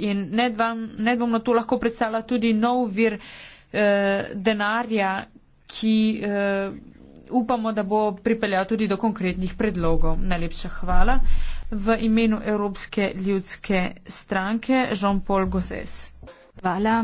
in nedvomno to lahko predstavlja tudi nov vir eh, denarja, ki eh, upamo, da bo pripeljal tudi do konkretnih predlogov. Najlepša hvala v imenu Evropske ljudske stranke Jean-Paul Gozes. Hvala.